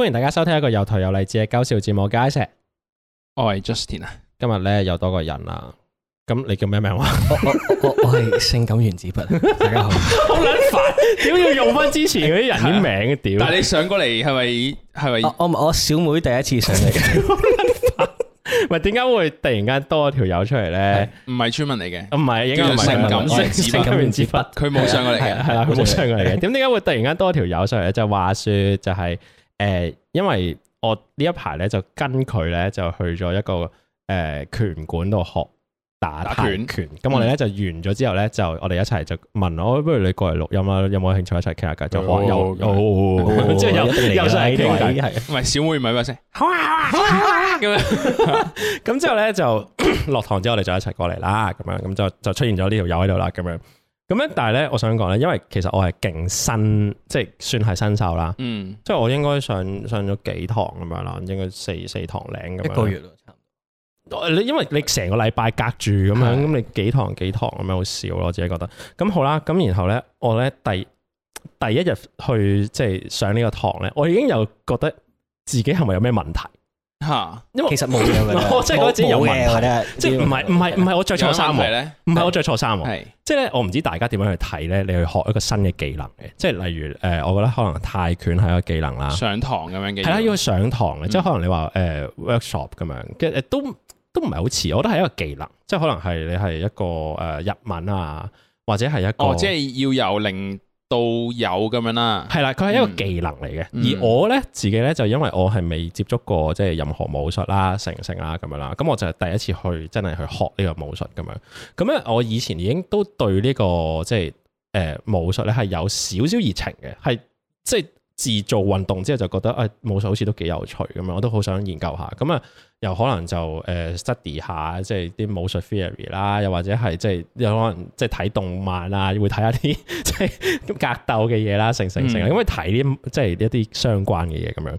歡迎大家收聽一個有台有勵志嘅搞笑節目《佳石》。我係 Justin 啊，今日咧有多個人啦。咁你叫咩名話？我係性感原子筆。大家好，好捻煩，點要用翻之前嗰啲人啲名？點？但係你上過嚟係咪係咪？我我小妹第一次上嚟嘅。好捻煩，喂，點解會突然間多條友出嚟咧？唔係村民嚟嘅，唔係應該唔係性感原子筆。佢冇上過嚟嘅，係啦，佢冇上過嚟嘅。點點解會突然間多條友上嚟？就話說就係。誒，因為我呢一排咧就跟佢咧就去咗一個誒拳館度學打泰拳，咁我哋咧就完咗之後咧就我哋一齊就問，我不如你過嚟錄音啦，有冇興趣一齊傾下偈？就又又又又又又再傾偈，係唔係？小妹唔係咪先？好啊好啊好啊好啊咁樣，咁之後咧就落堂之後我哋就一齊過嚟啦，咁樣咁就就出現咗呢條友喺度啦，咁樣。咁咧，但係咧，我想講咧，因為其實我係勁新，即係算係新手啦。嗯，即係我應該上上咗幾堂咁樣啦，應該四四堂零咁樣。一個月咯，差唔多。你因為你成個禮拜隔住咁樣，咁是的 你幾堂幾堂咁樣好少咯，自己覺得。咁好啦，咁然後咧，我咧第第一日去即係上呢個堂咧，我已經又覺得自己係咪有咩問題？吓，因為其實冇嘢即係嗰啲有問題咧，即係唔係唔係唔係我着錯衫咧，唔係我着錯衫，係即係咧，我唔知大家點樣去睇咧，你去學一個新嘅技能嘅，即係例如誒，我覺得可能泰拳係一個技能啦，上堂咁樣嘅，係啦，要上堂嘅，即係可能你話誒 workshop 咁樣，跟都都唔係好似，我覺得係一個技能，即係可能係你係一個誒日文啊，或者係一個，即係要有另。都有咁樣啦、啊，係啦，佢係一個技能嚟嘅。嗯、而我咧自己咧就因為我係未接觸過即係任何武術啦、成性啦咁樣啦，咁我就係第一次去真係去學呢個武術咁樣，咁咧我以前已經都對呢、呢個即係誒、呃、武術咧係有少少熱情嘅，係即係。自做運動之後就覺得誒、哎、武術好似都幾有趣咁樣，我都好想研究下。咁啊，又可能就誒、呃、study 下，即係啲武術 theory 啦，又或者係即係有可能即係睇動漫啊，會睇下啲即係格鬥嘅嘢啦，成成成，因為睇啲即係一啲相關嘅嘢咁樣。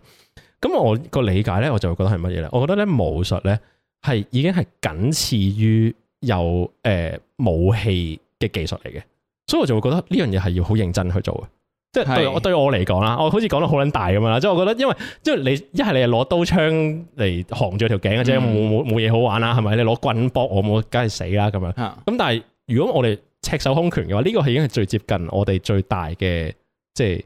咁我個理解咧，我就會覺得係乜嘢咧？我覺得咧武術咧係已經係僅次於有誒、呃、武器嘅技術嚟嘅，所以我就會覺得呢樣嘢係要好認真去做嘅。即係對我對我嚟講啦，我好似講得好撚大咁樣啦，即係我覺得因為，即係你一係你係攞刀槍嚟扛住條頸嘅啫，冇冇冇嘢好玩啦，係咪？你攞棍搏我，冇梗係死啦咁樣。咁、嗯、但係如果我哋赤手空拳嘅話，呢、這個係已經係最接近我哋最大嘅即係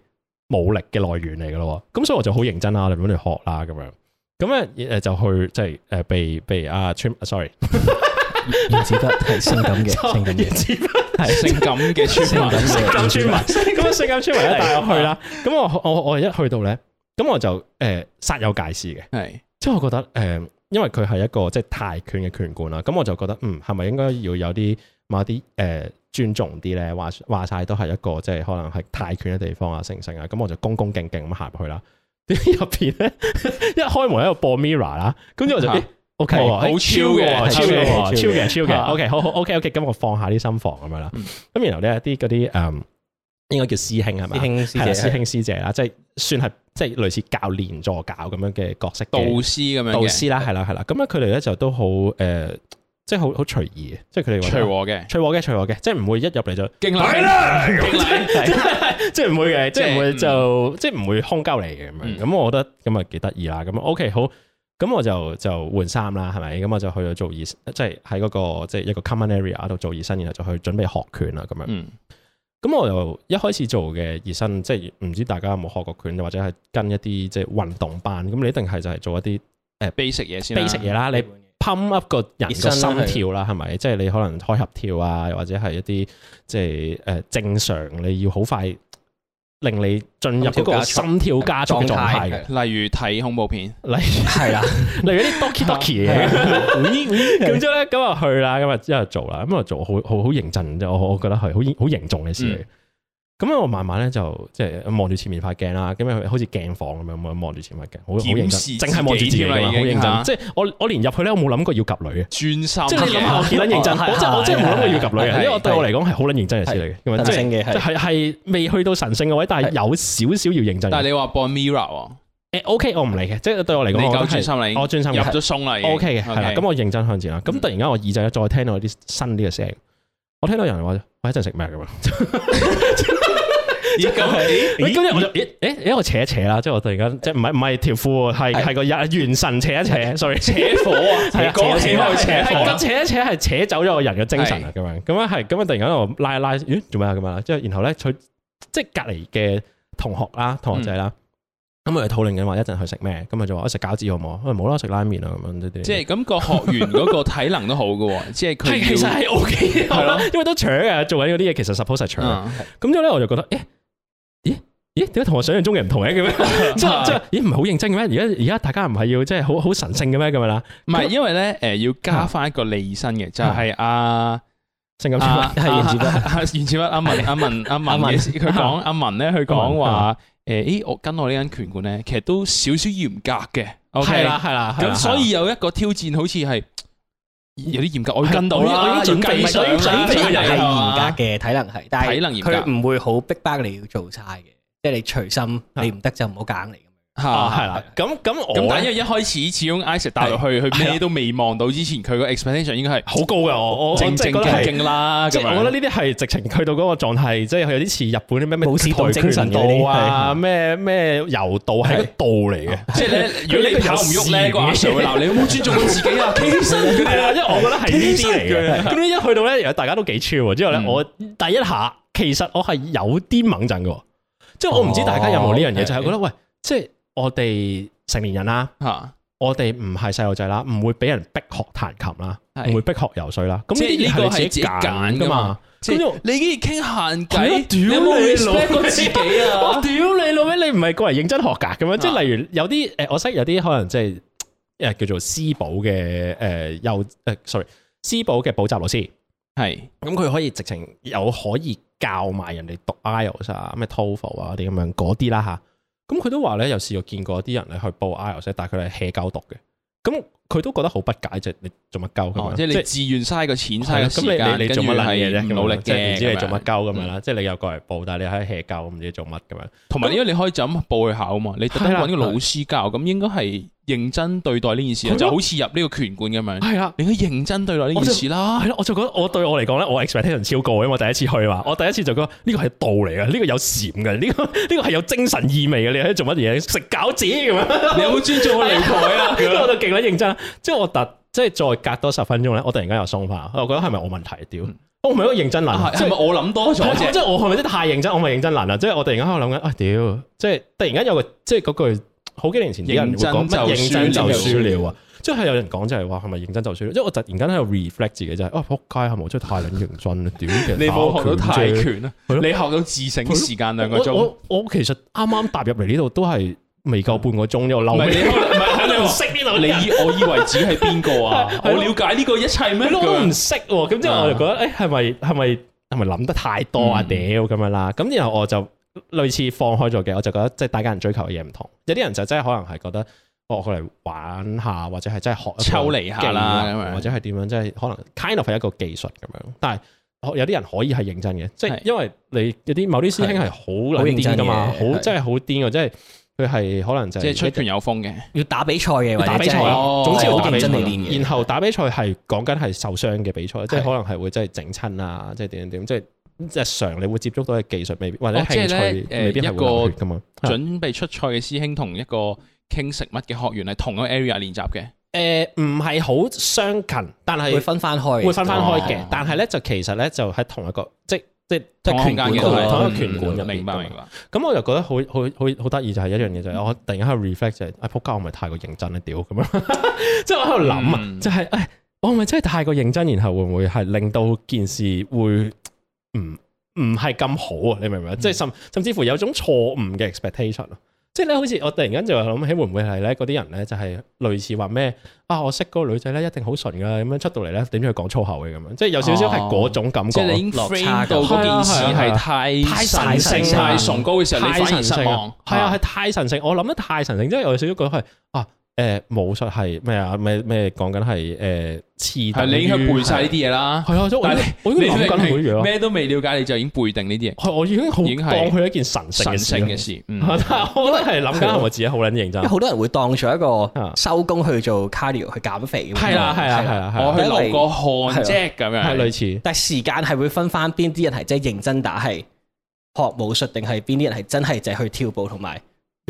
武力嘅來源嚟噶咯。咁所以我就好認真啦，我哋搵嚟學啦咁樣。咁咧誒，就去即係誒被被阿、啊啊、sorry 楊子德係性感嘅，性感 係性感嘅村民， 性感村民，咁性、嗯嗯、感村民一帶我去啦，咁 我我我一去到咧，咁我就誒煞、呃、有介事嘅，係是，即係我覺得誒、呃，因為佢係一個即係泰拳嘅拳館啦，咁我就覺得嗯，係咪應該要有啲某啲誒尊重啲咧？話話晒都係一個即係可能係泰拳嘅地方啊，成成啊，咁我就恭恭敬敬咁行入去啦。點入邊咧？ 一開門喺度播 Mirror 啦，咁就就。 O K，好超嘅，超嘅，超嘅，超嘅。O K，好好，O K，O K，咁我放下啲心房咁樣啦。咁然後咧，一啲嗰啲誒，應該叫師兄係咪？師兄師姐，師兄師姐啦，即係算係，即係類似教練助教咁樣嘅角色，導師咁樣，導師啦，係啦，係啦。咁樣佢哋咧就都好誒，即係好好隨意嘅，即係佢哋話，隨和嘅，隨和嘅，隨和嘅，即係唔會一入嚟就勁啦，即係唔會嘅，即係唔會就即係唔會空交嚟嘅咁樣。咁我覺得咁啊幾得意啦。咁 O K，好。咁我就就換衫啦，係咪？咁我就去咗做熱，即係喺嗰個即係、就是、一個 common area 度做熱身，然後就去準備學拳啦，咁樣。咁、嗯、我又一開始做嘅熱身，即係唔知大家有冇學過拳，或者係跟一啲即係運動班。咁你一定係就係做一啲誒 basic 嘢先，basic 嘢啦。你 pump up 個人嘅心跳啦，係咪、啊？即係、就是、你可能開合跳啊，又或者係一啲即係誒正常你要好快。令你進入嗰個心跳加速狀態嘅，例如睇恐怖片，例如係啦，例如啲 doki doki 嘅，咁樣咧，咁啊去啦，咁啊之後做啦，咁啊做好好好認真，即係我我覺得係好好嚴重嘅事嚟。嗯咁樣我慢慢咧就即係望住前面塊鏡啦，咁樣好似鏡房咁樣望住前面鏡，好認真，淨係望住自己啦，好認真。即係我我連入去咧，我冇諗過要夾女嘅，專心，即係諗下認真。我真係冇諗過要夾女嘅，因為我對我嚟講係好捻認真嘅事嚟嘅。神聖嘅係係係未去到神聖嘅位，但係有少少要認真。但係你話播 Mirror 誒，OK，我唔嚟嘅，即係對我嚟講，我專心啦，我專心入咗松啦，OK 嘅，係啦，咁我認真向前啦。咁突然間我耳仔再聽到啲新啲嘅聲，我聽到人話我一陣食咩噶嘛？即係咁樣咦咦，我就咦？誒，我扯一扯啦，即係我突然間，即係唔係唔係條褲，係係個人元神扯一扯，sorry，的扯火啊，係啊扯，扯一扯係扯走咗個人嘅精神啊，咁的樣咁樣係，咁樣,樣,樣,樣,樣,樣突然間又拉一拉，咦？做咩啊？咁樣，即係然後咧，佢即係隔籬嘅同學啦，同學仔啦，咁咪討論緊話一陣去食咩？咁咪就話食餃子好唔好？誒，冇啦，食拉麵啊。咁樣即係咁個學員嗰個體能都好噶，即係佢其實係 OK，係咯，因為都扯嘅，做緊嗰啲嘢其實 suppose 係扯，咁之後咧我就覺得誒。咦，咦，點解同我想象中嘅唔同嘅咩？即係，咦，唔係好認真嘅咩？而家，而家大家唔係要即係好好神聖嘅咩？咁樣啦，唔係因為咧，誒，要加翻一個利身嘅，就係阿性感主播係袁志輝，袁志輝阿文阿文，阿文嘅，佢講阿文咧，佢講話誒，我跟我呢間拳館咧，其實都少少嚴格嘅，係啦係啦，咁所以有一個挑戰，好似係。有啲嚴格，我要跟到啦。我已經準備，我已經準備。係嚴體格嘅體能係，體能嚴格但係佢唔會好逼逼你要做差嘅，即係你隨心，你唔得就唔好夾硬嚟啊，係啦，咁咁咁，但係因為一開始，始終 Isaac 帶入去，佢咩都未望到之前，佢個 expectation 應該係好高嘅。我我覺得勁啦，即係我覺得呢啲係直情去到嗰個狀態，即係佢有啲似日本啲咩咩武士道精神啊，咩咩柔道係個道嚟嘅。即係如果你扭唔喐，你個阿 Sir 會鬧，你好尊重自己啊，起身嗰啲咧，因為我覺得係呢啲嚟嘅。咁一去到咧，大家都幾超。之後咧，我第一下其實我係有啲猛震嘅，即係我唔知大家有冇呢樣嘢，就係覺得喂，即係。我哋成年人啦，啊、我哋唔係細路仔啦，唔會俾人逼學彈琴啦，唔是會逼學游水啦。咁呢啲係自己揀噶嘛。像就你已經傾閒偈，屌嗎你老 e s 己啊？屌 你老味，你唔係過嚟認真學噶咁樣。即係、啊、例如有啲誒、呃，我識有啲可能即係誒叫做私補嘅誒幼誒，sorry 私補嘅補習老師係，咁佢可以直情又可以教埋人哋讀 IELTS 啊，咩 TOEFL 啊啲咁樣嗰啲啦吓。咁佢、嗯、都話咧，有試過見過啲人咧去報 IELTS，但係佢係 hea 狗毒嘅。咁、嗯佢都覺得好不解，就你做乜鳩咁樣？即係你自願嘥個錢嘥個時間，咁你你做乜撚嘢啫？唔努力嘅，唔知你做乜鳩咁樣啦。即係你又過嚟報，但係你喺度 hea 鳩，唔知做乜咁樣。同埋因為你可以就咁報去考啊嘛，你特登揾個老師教，咁應該係認真對待呢件事，就好似入呢個拳館咁樣。係啊，你要認真對待呢件事啦。我就覺得我對我嚟講我 expectation 超過，因為第一次去嘛，我第一次就覺得呢個係道嚟嘅，呢個有禪嘅，呢個呢個係有精神意味嘅。你喺做乜嘢？食餃子咁樣，你好尊重我擂台啊？咁我就勁鬼認真。即係我突，即係再隔多十分鐘咧，我突然間又鬆翻，我覺得係咪我問題屌？我唔係一個認真撚，即係咪我諗多咗？即係我係咪真太認真？我咪認真撚啦？即係我突然間喺度諗緊，啊，屌！即係突然間有個即係嗰句好幾年前啲人會講咩認真就輸了啊！即係有人講就係話係咪認真就輸了？即係我突然間喺度 reflect 自己就係，哦，扑街係咪我真太認真屌！短嘅你冇學到泰拳啊？你學到自省時間兩個鐘？我其實啱啱踏入嚟呢度都係未夠半個鐘，因為我嬲。識呢度？我以為自己係邊個啊？ 我了解呢個一切咩？都唔識喎。咁之後我就覺得，誒、欸，係咪係咪係咪諗得太多啊？屌咁、嗯、樣啦。咁然後我就類似放開咗嘅。我就覺得，即係大家人追求嘅嘢唔同。有啲人就真係可能係覺得，哦，佢嚟玩下，或者係真係學抽離下啦，或者係點樣，即係可能 kind of 係一個技術咁樣。但係有啲人可以係認真嘅，即係的因為你有啲某啲師兄係好撚認真噶嘛，好真係好癲啊，即係的。的佢係可能就即係出拳有風嘅，要打比賽嘅或者哦，總之好認真嚟練嘅。然後打比賽係講緊係受傷嘅比賽，即係可能係會真係整親啊，即係點點點，即係日常你會接觸到嘅技術未必或者係興趣，未必係會流血噶嘛。準備出賽嘅師兄同一個傾食物嘅學員係同一個 area 練習嘅。誒，唔係好相近，但係會分翻開，會分翻開嘅。但係咧就其實咧就喺同一個即。即係即係拳館喺、嗯、拳館入邊。明白明白。咁我就覺得好好好得意，就係一樣嘢就係，嗯、我突然間喺度 reflect 就係、是，哎，仆街，我唔係太過認真啊屌咁樣。即 係我喺度諗啊，嗯、就係、是，哎，我係咪真係太過認真，然後會唔會係令到件事會唔唔係咁好啊？你明唔明啊？嗯、即係甚甚至乎有種錯誤嘅 expectation。即係咧，好似我突然間就諗起，會唔會係咧嗰啲人咧，就係類似話咩啊？我識嗰個女仔咧，一定好純噶，咁樣出到嚟咧，點樣去講粗口嘅咁樣？即係有少少係嗰種感覺，哦、你已經 frame 到件事係太太神聖、太神聖太崇高嘅時候，你反而失望。係啊，係太神聖，我諗得太神聖，即係我有少少覺得係啊。誒，武術係咩啊？咩咩講緊係誒，次係你已經背晒呢啲嘢啦。係啊，但係我諗緊咩都未了解，你就已經背定呢啲嘢。我已經好當佢一件神神聖嘅事。但係我咧係諗緊我自己好捻認真。因為好多人會當做一個收工去做 cardio 去減肥。係啦，係啦，係啦，我去流個汗即係咁樣，係類似。但係時間係會分翻邊啲人係真認真打，係學武術定係邊啲人係真係就去跳步同埋。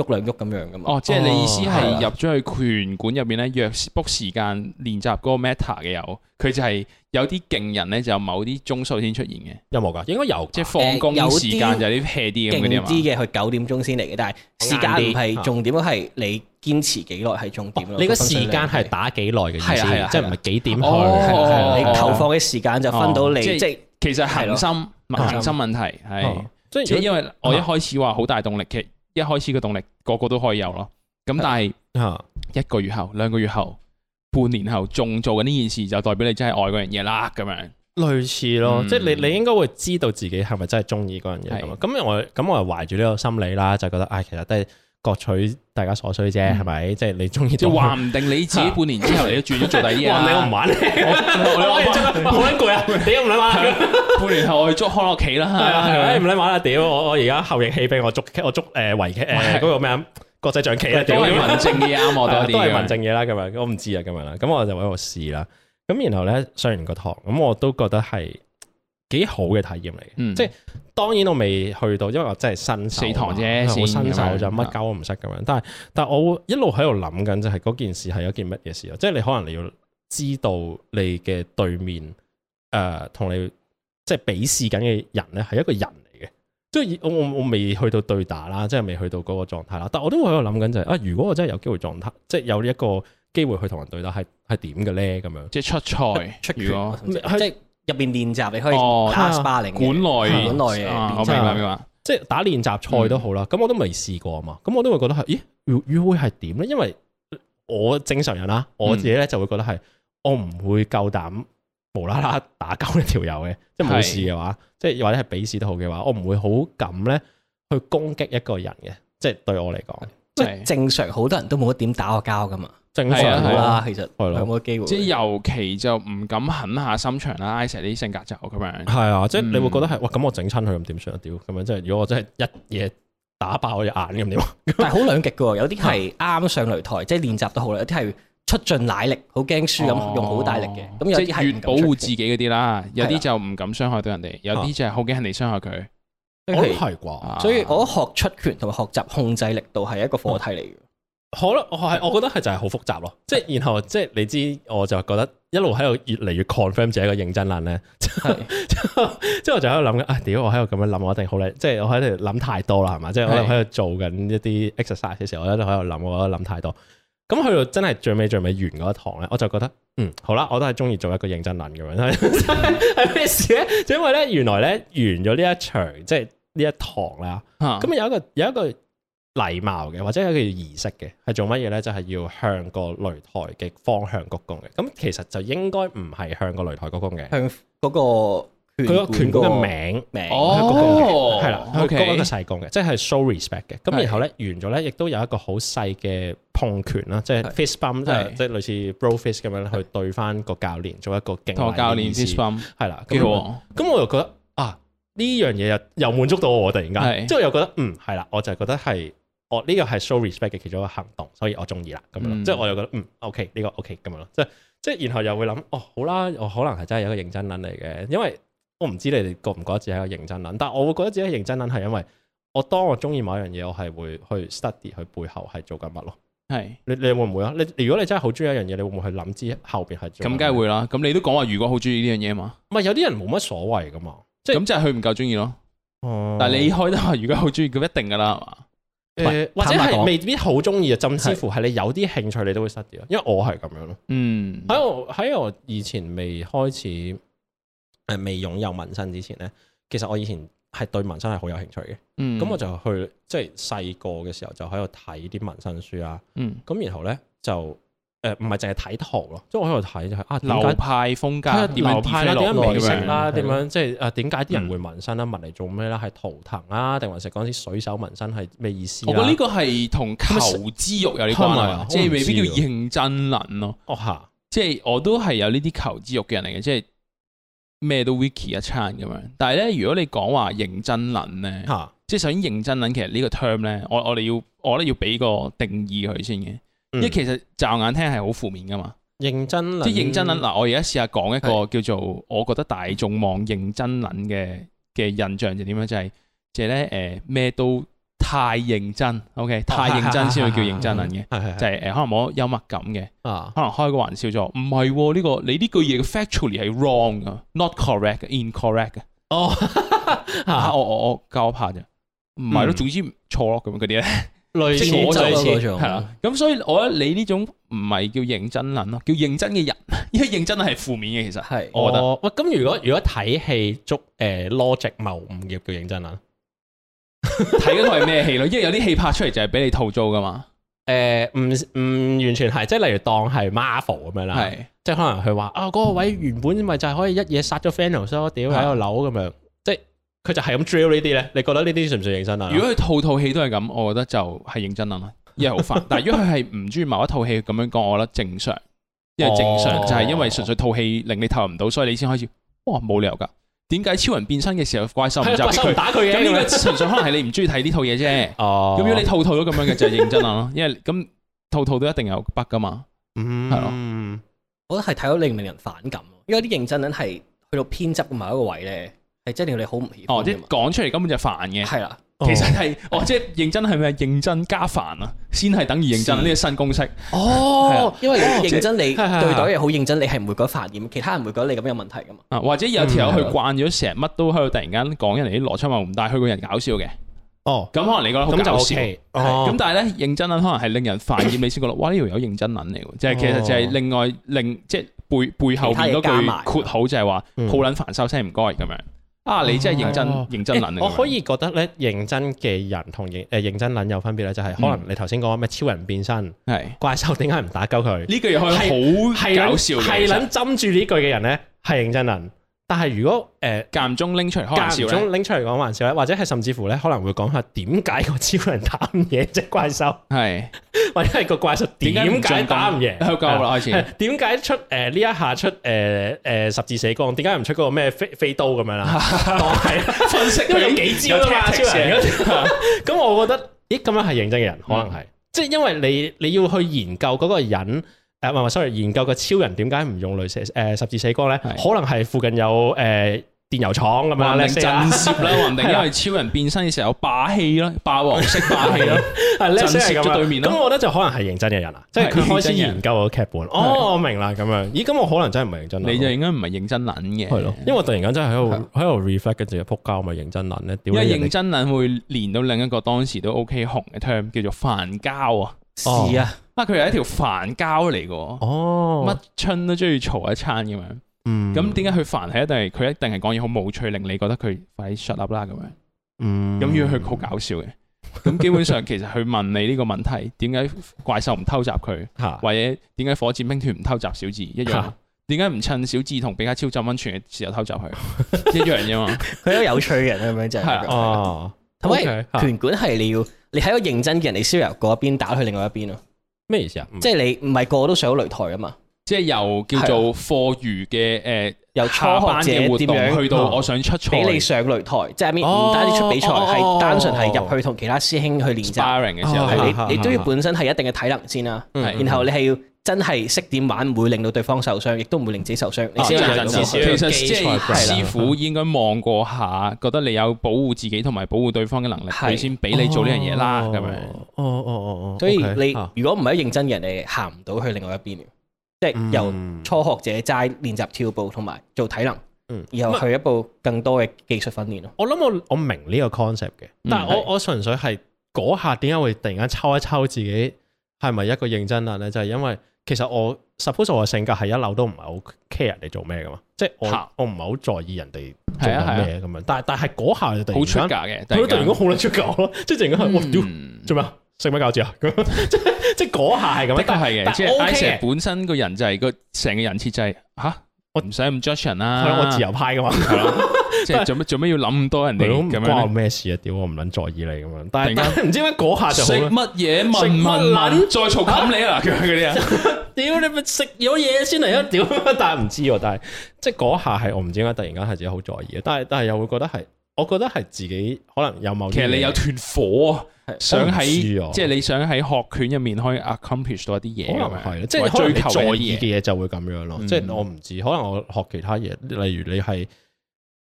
喐兩喐咁樣噶嘛？哦，即係你意思係入咗去拳館入邊咧，約 book 時間練習嗰個 meta 嘅有？佢就係有啲勁人咧，就某啲鐘數先出現嘅。有冇㗎？應該有。即係放工有時間就啲 hea 啲咁嘅，勁啲嘅佢九點鐘先嚟嘅。但係時間唔係重點，係你堅持幾耐係重點。你個時間係打幾耐嘅意思？係啊，係啊，即係唔係幾點去？你投放嘅時間就分到你即係。其實恒心，恆心問題係，即係因為我一開始話好大動力一開始嘅動力個個都可以有咯，咁但係一個月後，兩個月後、半年後，仲做緊呢件事就代表你真係愛嗰樣嘢啦，咁樣類似咯，嗯、即係你你應該會知道自己係咪真係中意嗰樣嘢咁，咁我咁我係懷住呢個心理啦，就覺得唉、哎，其實都係。各取大家所需啫，係咪、嗯？即係你中意就話唔定你自己半年之後你都轉咗做第二啊？ 你唔玩你， 我亦捉冇撚攰啊！屌唔撚玩，半年後我捉開我棋啦，係啊，唔撚玩啦，屌我我而家後形起俾我捉，我捉誒、呃、圍棋誒嗰、呃那個咩啊？國際象棋啊，屌啲、啊、文靜嘢啱 我多啲，都係文靜嘢啦，咁樣我唔知啊，咁樣啦，咁我就喺度試啦。咁然後咧上完個堂，咁我都覺得係。幾好嘅體驗嚟嘅，嗯、即係當然我未去到，因為我真係新手，四堂啫，新手就乜鳩都唔識咁樣。但係但係我一路喺度諗緊，就係嗰件事係一件乜嘢事啊？即係你可能你要知道你嘅對面誒，同、呃、你即係比試緊嘅人咧，係一個人嚟嘅。即係我我我未去到對打啦，即係未去到嗰個狀態啦。但係我都喺度諗緊就係、是、啊，如果我真係有機會狀態，即係有呢一個機會去同人對打，係係點嘅咧？咁樣即係出賽出拳，即入邊練習你可以打 Sparring 嘅，管內，嗯管內啊、我明白明白，即係打練習賽都好啦。咁、嗯、我都未試過啊嘛，咁我都會覺得係，咦，會會會係點咧？因為我正常人啦，我自己咧就會覺得係，嗯、我唔會夠膽無啦啦打交呢條友嘅，即係冇事嘅話，即係或者係比試都好嘅話，我唔會好敢咧去攻擊一個人嘅，即係對我嚟講，即係正常好多人都冇得點打過交噶嘛。正常啦，其實係有冇機會。即係尤其就唔敢狠下心腸啦，Ice 啲性格就咁樣。係啊，即係你會覺得係，哇！咁我整親佢咁點算啊？屌咁樣，即係如果我真係一嘢打爆我隻眼咁點？但係好兩極嘅，有啲係啱上擂台，即係練習都好啦；有啲係出盡奶力，好驚輸咁用好大力嘅。咁有啲係保護自己嗰啲啦，有啲就唔敢傷害到人哋，有啲就好驚人哋傷害佢。我都係啩，所以我覺得學出拳同埋學習控制力度係一個課題嚟嘅。好咯，我係，我覺得係就係好複雜咯，即係然後即係你知，我就覺得一路喺度越嚟越 confirm 自己一個認真撚咧，即係是我就喺度諗緊，啊、哎，屌我喺度咁樣諗，我一定好叻，即、就、係、是、我喺度諗太多啦，係嘛，即係是我喺度做緊一啲 exercise 嘅時候，我一度喺度諗，我覺得諗太多。咁去到真係最尾最尾完嗰一堂咧，我就覺得，嗯，好啦，我都係中意做一個認真撚咁樣，係咩事咧？就因爲咧，原來咧完咗呢一場，即係呢一堂啦，咁有一個有一個。禮貌嘅，或者係佢儀式嘅，係做乜嘢咧？就係要向個擂台嘅方向鞠躬嘅。咁其實就應該唔係向個擂台鞠躬嘅，向嗰個佢個拳館嘅名名。哦，係啦，向嗰個細躬嘅，即係 show respect 嘅。咁然後咧完咗咧，亦都有一個好細嘅碰拳啦，即係 fist bump，即係即係類似 bro fist 咁樣去對翻個教練做一個敬禮同教練 fist bump，係啦，咁我又覺得啊，呢樣嘢又又滿足到我哋突然間，即我又覺得嗯係啦，我就係覺得係。哦，呢、這個係 show respect 嘅其中一個行動，所以我中意啦，咁、嗯、樣，即係我又覺得嗯，OK，呢、這個 OK 咁樣咯，即係即係然後又會諗，哦，好啦，我可能係真係有一個認真捻嚟嘅，因為我唔知你哋覺唔覺得自己係一個認真捻，但係我會覺得自己係認真捻，係因為我當我中意某一樣嘢，我係會去 study 佢背後係做緊乜咯，係是你你會唔會啊？你如果你真係好中意一樣嘢，你會唔會去諗知後邊係咁？梗係會啦。咁你都講話如果好中意呢樣嘢嘛，唔係有啲人冇乜所謂噶嘛，即係咁即係佢唔夠中意咯。哦、嗯，但係你開得話如果好中意，咁一定噶啦，係嘛？呃、或者係未必好中意啊，甚至乎係你有啲興趣你都會失掉，因為我係咁樣咯。嗯，喺我喺我以前未開始誒未擁有紋身之前咧，其實我以前係對紋身係好有興趣嘅。嗯，咁我就去即係細個嘅時候就喺度睇啲紋身書啊。嗯，咁然後咧就。誒，唔係淨係睇圖咯，即係我喺度睇就係啊，點解流派風格點樣？流派啦，啲美食啦，點樣即係啊？點解啲人會紋身啦，紋嚟做咩啦，係圖騰啊，定還是講啲水手紋身係咩意思？我覺得呢個係同求知欲有啲關係，即係未必叫認真撚咯。哦嚇，即係我都係有呢啲求知欲嘅人嚟嘅，即係咩都 wiki 一餐咁樣。但係咧，如果你講話認真撚咧，嚇，即係首先認真撚，其實呢個 term 咧，我我哋要我咧要俾個定義佢先嘅。嗯、因為其實驟眼聽係好負面噶嘛，認真，即係認真撚。嗱，我而家試下講一個叫做，我覺得大眾望認真撚嘅嘅印象就點樣，就係、是、就咧，誒咩都太認真，OK，太認真先會叫認真撚嘅，啊、哈哈哈哈就係誒可能冇幽默感嘅，啊、嗯就是呃，可能，、啊、可能開個玩笑咗。唔係呢個，你呢句嘢嘅 factually 係 wrong not correct, 啊，not correct，incorrect 嘅。哦、啊，我我我教拍咋，唔係咯，總之錯咯咁嗰啲咧。嗯類似就係嗰種，係啦。咁所以我覺得你呢種唔係叫認真諗撚咯，叫認真嘅人。因為認真係負面嘅，其實係。我覺得。喂，咁如果如果睇戲捉誒 logic 謬誤叫認真撚，睇嗰個係咩戲咯？因為有啲戲拍出嚟就係俾你套租噶嘛。誒，唔唔完全係，即係例如當係 Marvel 咁樣啦。係。即係可能佢話啊，嗰個位原本咪就係可以一嘢殺咗 Thanos，所以我屌喺個樓咁樣。佢就係咁 drill 呢啲咧，你覺得呢啲算唔算認真啊？如果佢套套戲都係咁，我覺得就係認真啦，因為好煩。但係如果佢係唔中意某一套戲咁樣講，我咧正常，因為正常就係因為純粹套戲令你投入唔到，所以你先開始哇冇理由噶。點解超人變身嘅時候怪獸就佢打佢嘅？咁純粹可能係你唔中意睇呢套嘢啫。咁 如果你套套都咁樣嘅，就係、是、認真啦，因為咁套套都一定有 bug 噶嘛。係咯、嗯。的我覺得係睇到令令人反感咯，因為啲認真人係去到偏執嘅某一個位咧。係真令你好唔起？哦，即係講出嚟，根本就係煩嘅。係啦，其實係哦，即係認真係咪認真加煩啊？先係等於認真呢個新公式。哦，因為認真你對待嘢好認真，你係唔會覺得煩厭，其他人唔會覺得你咁有問題噶嘛。或者有條友去慣咗成日乜都喺度，突然間講人哋啲邏輯又唔大，去個人搞笑嘅。哦，咁可能你覺得好搞笑。咁就咁，但係咧認真可能係令人煩厭，你先覺得哇呢條友認真捻嚟，即係其實就係另外另即係背背後面嗰句括號就係話好捻煩，收聲唔該咁樣。啊！你真係認真，哦、認真捻，欸、樣我可以覺得咧認真嘅人同認誒認真捻有分別咧，就係、是、可能你頭先講咩超人變身係、嗯、怪獸點解唔打鳩佢呢句可以好搞笑嘅嘢，係捻針住呢句嘅人咧係認真捻。但係如果誒間唔中拎出嚟，間中拎出嚟講玩笑咧，或者係甚至乎咧，可能會講下點解個超人打唔贏隻怪獸，係或者係個怪獸點解打唔贏？夠啦，開始點解出誒呢一下出誒誒十字死光？點解唔出嗰個咩飛飛刀咁樣啦？係分析佢有幾招啦，超人。咁我覺得咦咁樣係認真嘅人，可能係即係因為你你要去研究嗰個人。誒，唔係、uh, sorry，研究個超人點解唔用鐳射誒、呃、十字死光咧？是可能係附近有誒、呃、電油廠咁樣咧先。震懾啦，話唔定 因為超人變身嘅時候有霸氣咯，霸王式霸氣咯， 震懾住對面咯。咁我覺得就可能係認真嘅人啊，即係佢開始研究個劇本。哦，的我明啦，咁樣，咦，咁我可能真係唔係認真。你就應該唔係認真撚嘅，係咯？因為我突然間真係喺度喺度 reflect，跟住又仆交咪認真撚咧。為因為認真撚會連到另一個當時都 OK 紅嘅 term，叫做犯膠啊。是啊，啊佢係一條煩膠嚟嘅，乜春都中意嘈一餐咁樣。咁點解佢煩係一定？佢一定係講嘢好無趣，令你覺得佢快 shut up 啦咁樣，咁樣佢好搞笑嘅。咁基本上其實佢問你呢個問題，點解怪獸唔偷襲佢，或者點解火箭兵團唔偷襲小智一樣？點解唔趁小智同比卡超浸溫泉嘅時候偷襲佢？一樣啫嘛，佢都有趣嘅人咁樣就。哦，因為拳館係你要。你喺個認真嘅人嚟逍遙嗰一邊打去另外一邊咯，咩意思啊？即係你唔係個個都上到擂台啊嘛，即係由叫做貨餘嘅誒。有插班嘅活動，去到我想出賽，俾你上擂台，即係咪唔單止出比賽，係單純係入去同其他師兄去練習嘅時候，你都要本身係一定嘅體能先啦。然後你係要真係識點玩，唔會令到對方受傷，亦都唔會令自己受傷。你先入陣試試，其實師傅應該望過下，覺得你有保護自己同埋保護對方嘅能力，佢先俾你做呢樣嘢啦。咁樣，哦哦哦。所以你如果唔係認真人，你行唔到去另外一邊。即係由初學者齋練習跳步同埋做體能，嗯，然後去一步更多嘅技術訓練咯。我諗我我明呢個 concept 嘅，但係我我純粹係嗰下點解會突然間抽一抽自己係咪一個認真啦咧？就係因為其實我 suppose 我性格係一樓都唔係好 care 人哋做咩噶嘛，即係我我唔係好在意人哋做咩咁樣。但係但係嗰下就突然間，佢突然間好撚出九咯，即係整個我 d 做咩？食乜搞住啊？即即嗰下係咁樣，係嘅。即係本身個人就係個成個人設就係吓，我唔使咁 judge 人啦。我自由派噶嘛，即係做乜做咩要諗咁多人哋咁關我咩事啊？屌我唔捻在意你咁樣。但係但唔知點解嗰下就食乜嘢問乜問，再嘈冚你啦啲啊！屌你咪食咗嘢先嚟啊！屌，但係唔知喎。但係即係嗰下係我唔知點解突然間係自己好在意啊！但係但係又會覺得係。我覺得係自己可能有某啲，其實你有團火啊，想喺即係你想喺學拳入面可以 accomplish 到一啲嘢，可能係即係追求在意嘅嘢就會咁樣咯。嗯、即係我唔知，可能我學其他嘢，例如你係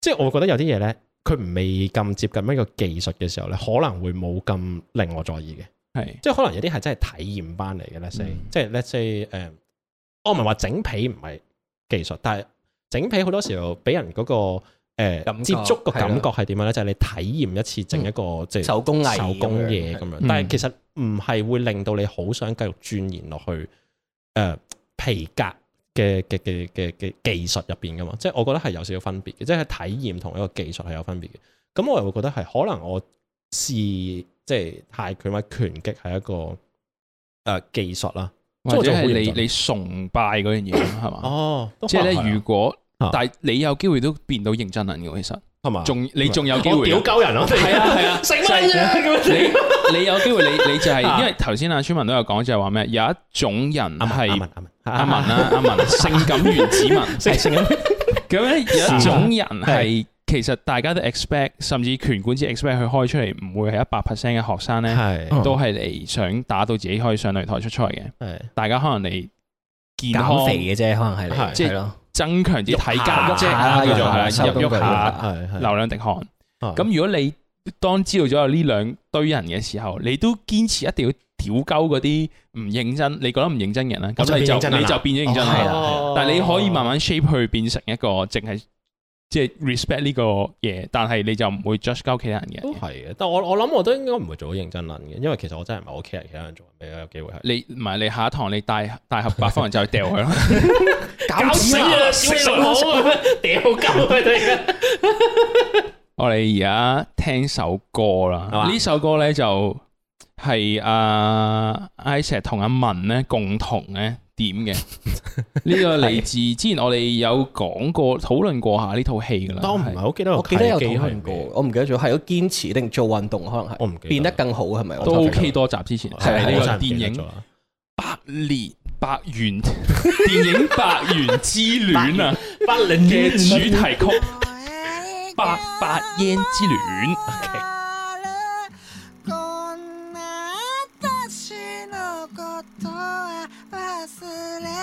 即係我覺得有啲嘢咧，佢唔未咁接近一個技術嘅時候咧，可能會冇咁令我在意嘅。係是即係可能有啲係真係體驗班嚟嘅咧，即係 let's say 誒，um, 我唔係話整皮唔係技術，但係整皮好多時候俾人嗰個。誒，接觸個感覺係點樣咧？嗯、就係你體驗一次整一個即係手工藝、手工嘢咁樣，嗯、但係其實唔係會令到你好想繼續鑽研落去誒、呃、皮革嘅嘅嘅嘅嘅技術入邊噶嘛？即係我覺得係有少少分別嘅，即係體驗同一個技術係有分別嘅。咁我又會覺得係可能我試即係泰拳或者拳擊係一個誒技術啦，即係你你崇拜嗰樣嘢係嘛？哦，即係咧如果。但係你有機會都變到認真撚嘅，其實係嘛？仲你仲有機會？我屌鳩人咯，係啊係啊，你你有機會，你你就係因為頭先阿村民都有講，就係話咩？有一種人唔係阿文阿文阿文性感原子文，係性感咁樣。有種人係其實大家都 expect，甚至拳館只 expect 佢開出嚟唔會係一百 percent 嘅學生咧，都係嚟想打到自己可以上擂台出賽嘅。大家可能你健康肥嘅啫，可能係即係咯。增強啲體格啫，叫做係入喐下，流兩滴汗。咁是是 如果你當知道咗有呢兩堆人嘅時候，你都堅持一定要屌鳩嗰啲唔認真，你覺得唔認真人咧，咁你就，就你就變咗認真啦。哦啊啊、但係你可以慢慢 shape 去變成一個淨係。即係 respect 呢個嘢，但係你就唔會 judge 鳩其他人嘅。都係但我我諗我都應該唔會做好認真撚嘅，因為其實我真係唔係好 care 其他人做，唔俾佢有機會。你唔係你下一堂你帶帶合辦方人就去掉佢咯。 搞死了笑啊，小老闆，掉佢哋？ 我哋而家聽首歌啦，呢吧首歌咧就係、是、阿、啊、Isaac 同阿文咧共同咧。點嘅呢個嚟自 是之前我哋有講過討論過下呢套戲噶啦，但我唔係好記得，我記得有討論過，麼我唔記得咗係，我堅持定做運動可能係，我唔記得變得更好係咪我都 OK 多集之前係呢個電影百年《百烈百元》電影《百元之戀》啊，百元嘅主題曲《百八円之戀》okay。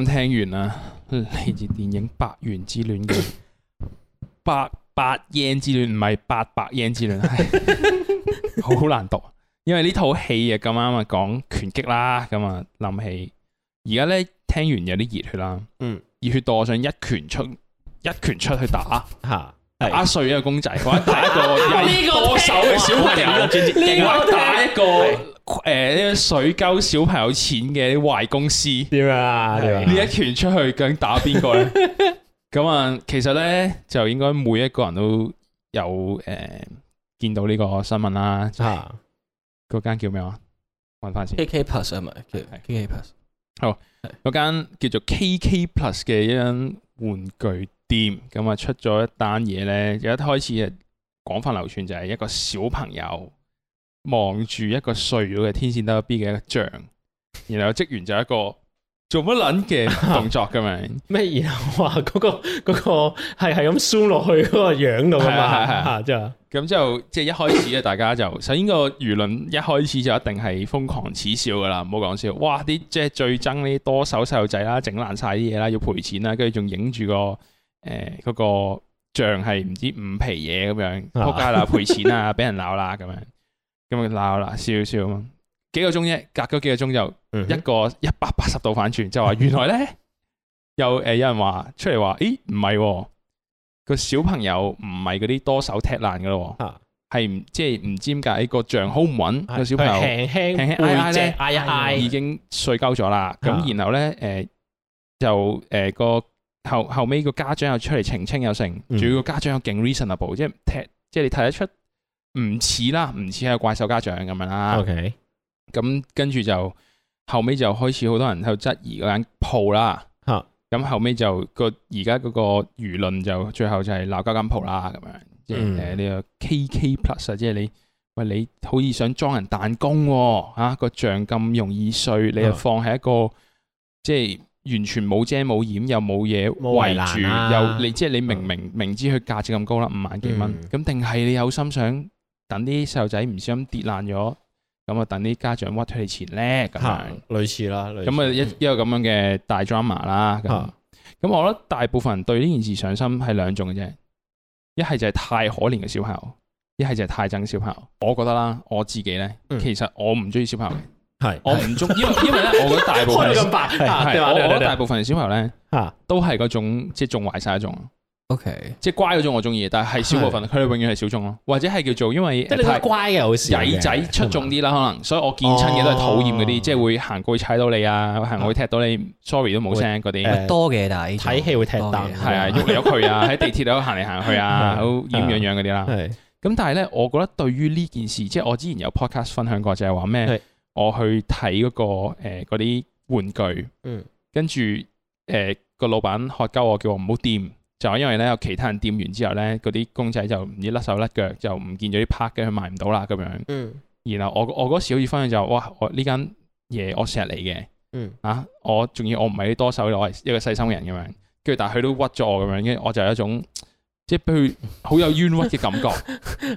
咁聽完啦，嚟自電影《百元之戀》嘅 《百百円之戀》，唔係《百八円之戀》，係好難讀。因為剛剛剛呢套戲又咁啱啊，講拳擊啦，咁啊諗起而家咧，聽完有啲熱血啦，嗯，熱血到我想一拳出，一拳出去打嚇。 打碎一個公仔，或者 打一個有握手嘅小朋友，呢 個打一個誒水溝小朋友錢嘅壞公司，點樣啊？呢、啊啊、一拳出去究竟打邊個咧？咁啊、 嗯，其實咧就應該每一個人都有誒、呃、見到呢個新聞啦。吓，嗰間叫咩啊？揾翻 K K Plus 係咪？K K Plus。K K 好，嗰間叫做 K K Plus 嘅一間玩具店咁啊出咗一單嘢咧，由一開始啊廣泛流傳就係、是、一個小朋友望住一個碎咗嘅天線得 B 嘅像，然後職員就一個做乜撚嘅動作咁 樣，咩然後話嗰個嗰、那個係係咁鬆落去嗰個樣度啊嘛，就咁之後即係一開始咧，大家就首先個輿論一開始就一定係瘋狂恥笑噶啦，唔好講笑，哇啲即係最憎呢啲多手細路仔啦，整爛晒啲嘢啦，要賠錢啦，跟住仲影住個。誒，嗰個像，係唔知五皮嘢，咁樣扑街啦，賠錢啦，俾人鬧啦咁樣，咁佢鬧啦，笑笑咁，幾個鐘啫，隔咗幾個鐘就，一個一百八十度反轉，就話原來咧有誒，有人話出嚟話，咦，唔係個小朋友唔係嗰啲多手踢爛噶咯，係唔即係唔知點解個像好唔穩，個小朋友輕輕輕輕挨嗌嗌，已經碎鳩咗啦，咁然後咧誒就誒個。後後尾個家長又出嚟澄清又成，仲要個家長又勁 reasonable，即係踢，即係你睇得出唔似啦，唔似係怪獸家長咁樣啦。OK，咁、嗯嗯嗯、跟住就後尾就開始好多人喺度質疑嗰間鋪啦。吓，咁後尾就個而家嗰個輿論就最後就係鬧交間鋪啦咁樣，即係誒你個 KK Plus 啊，即係你喂你好似想裝人彈弓喎，吓個像咁容易碎，你又放喺一個、嗯嗯、即係。即完全冇遮冇掩又冇嘢圍住，又、啊、又你即係你明明、嗯、明知佢價值咁高啦，五萬幾蚊，咁定係你有心想等啲細路仔唔小心跌爛咗，咁啊等啲家長屈你錢咧咁樣，類似啦。咁啊一一個咁樣嘅大 drama 啦、嗯那。咁，咁我覺得大部分人對呢件事上心係兩種嘅啫，一係就係太可憐嘅小朋友，一係就係太憎小朋友。我覺得啦，我自己咧，其實我唔中意小朋友、嗯 係我唔中意，因為咧，我覺得大部分，我覺得大部分小朋友咧，都係嗰種即係縱壞晒嗰種。OK，即係乖嗰種我中意，但係小部分，佢哋永遠係小眾咯，或者係叫做因為即係乖嘅好似，仔仔出眾啲啦，可能所以我見親嘅都係討厭嗰啲，即係會行過踩到你啊，行過踢到你，sorry 都冇聲嗰啲。多嘅，但係睇戲會踢凳，係啊，喐嚟喐去啊，喺地鐵度行嚟行去啊，好厭樣樣嗰啲啦。咁但係咧，我覺得對於呢件事，即係我之前有 podcast 分享過，就係話咩？我去睇嗰，那個嗰啲，呃、玩具，跟住誒個老闆嚇鳩我，叫我唔好掂，就因為咧有其他人掂完之後咧，嗰啲公仔就唔知甩手甩腳，就唔見咗啲拍嘅。佢 t 唔到啦咁樣。嗯、然後我我嗰時好似反去就哇，我呢間嘢我成日嚟嘅，嗯、啊我仲要我唔係多手，我係一個細心人咁樣，跟住但係佢都屈咗我咁樣，跟我，我就係一種。即係比如好有冤屈嘅感覺，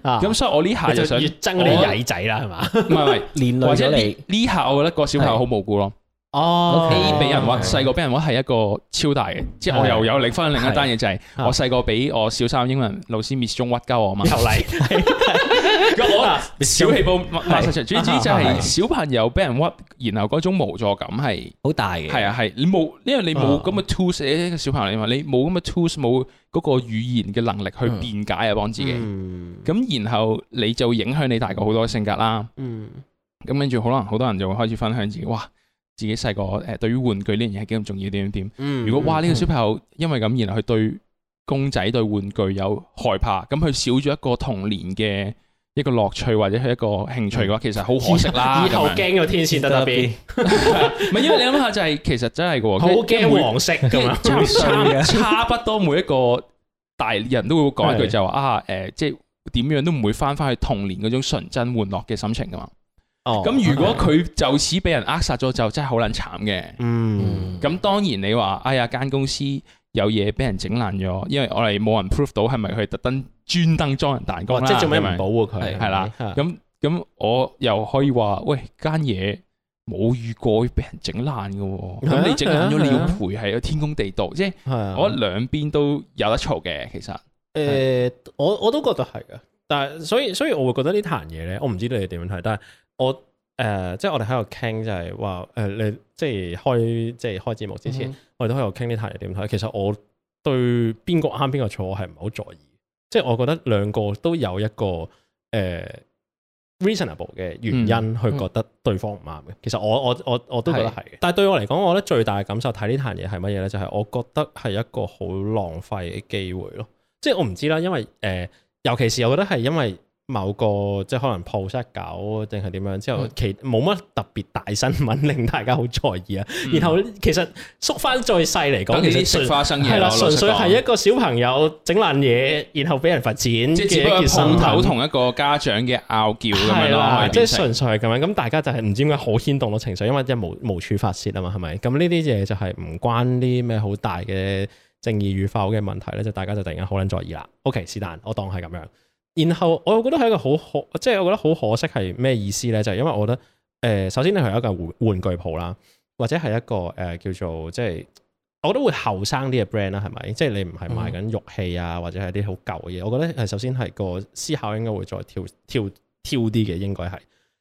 咁所以我呢下就想憎你曳仔啦，係嘛？唔係唔係或者你呢下？我覺得個小朋友好無辜咯。哦，俾人屈細個俾人屈係一個超大嘅。即係我又有拎返另一單嘢就係我細個俾我小三英文老師 Miss 中屈鳩我嘛。好嚟。咁小氣暴，其實主要之就係小朋友俾人屈，然後嗰種無助感係好大嘅。係啊，係你冇，因為你冇咁嘅 tools，一個小朋友你話，你冇咁嘅 tools，冇嗰個語言嘅能力去辯解啊，嗯、幫自己。咁、嗯、然後你就影響你大個好多性格啦。咁跟住可能好多人就會開始分享自己，哇！自己細個誒對於玩具呢樣嘢幾咁重要點點點。如果哇呢個小朋友因為咁，然後佢對公仔對玩具有害怕，咁佢少咗一個童年嘅，一個樂趣或者係一個興趣嘅話，其實好可惜啦。以後驚個天線得特別， 唔係因為你諗下就係、是、其實真係嘅喎。好驚黃色㗎嘛。差差不多，每一個大人都會講一句就話的啊，誒、呃，即係點樣都唔會翻翻去童年嗰種純真玩樂嘅心情噶嘛。哦，咁如果佢就此俾人扼殺咗，就真係好撚慘嘅。嗯、咁、嗯、當然你話哎呀間公司。有嘢俾人整爛咗，因為我哋冇人 prove 到係咪佢特登專登裝人彈弓即係做咩唔到？佢？係啦，咁咁，的的我又可以話，喂，間嘢冇遇過俾人整爛嘅，咁的你整爛咗，的你要賠係天公地道，的即係我兩邊都有得嘈嘅，其實。誒、呃，我我都覺得係噶，但係所以所以，所以我會覺得呢壇嘢咧，我唔知道你哋點樣睇，但係我。誒、呃，即係我哋喺度傾，就係話誒，你、呃、即係開即係開節目之前，嗯、我哋都喺度傾呢壇嘢點睇。其實我對邊個啱邊個錯，我係唔係好在意。即係我覺得兩個都有一個誒、呃、reasonable 嘅原因去覺得對方唔啱嘅。嗯嗯、其實我我我我，我都覺得係是但係對我嚟講，我覺得最大嘅感受睇呢壇嘢係乜嘢咧？就係、是、我覺得係一個好浪費嘅機會咯。即係我唔知啦，因為誒、呃，尤其是我覺得係因為。某個即係可能 poor 失狗定係點樣之後，嗯，後，其冇乜特別大新聞令大家好在意啊。然後其實縮翻再細嚟講其食花生係啦，純粹係一個小朋友整爛嘢，然後俾人罰錢，即係只不過碰頭同一個家長嘅拗撬咁樣咯，即係純粹係咁樣。咁大家就係唔知點解好牽動到情緒，因為即係無無處發泄啊嘛，係咪？咁呢啲嘢就係唔關啲咩好大嘅正義與否嘅問題咧，就大家就突然間好捻在意啦。OK，是但，我當係咁樣。然後我又覺得係一個好可，即係我覺得好可惜係咩意思咧？就係因為我覺得誒，首先你係一個玩具鋪啦，或者係一個誒叫做即係，我覺得會後生啲嘅 brand 啦，係咪？即係你唔係賣緊玉器啊，或者係啲好舊嘅嘢。嗯、我覺得誒，首先係個思考應該會再挑挑挑啲嘅，應該係。